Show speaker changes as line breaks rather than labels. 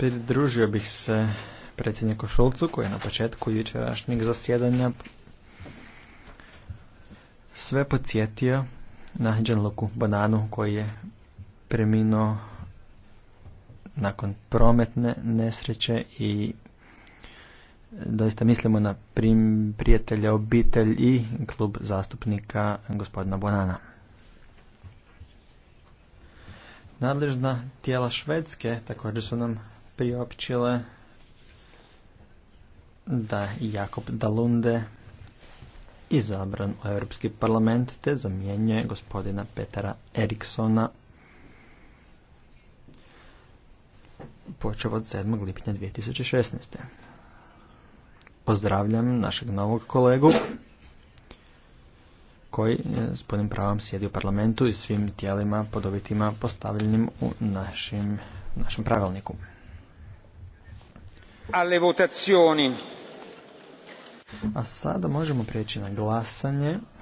Pridružio bih se predsjedniku Šulcu koji je na početku jučerašnjeg zasjedanja sve podsjetio na Đanluku Bananu koji je preminuo nakon prometne nesreće i doista mislimo na prim, prijatelja obitelj i klub zastupnika gospodina Bonana. Nadležna tijela Švedske također su nam priopćile da Jakob Dalunde izabran u Europski parlament te zamjenjuje gospodina Petara Eriksona počeo od 7. lipnja 2016. Pozdravljam našeg novog kolegu koji eh, s punim pravom sjedi u parlamentu i svim tijelima podobitima postavljenim u našim, našem pravilniku
alle votazioni.
A sada možemo prijeći na glasanje.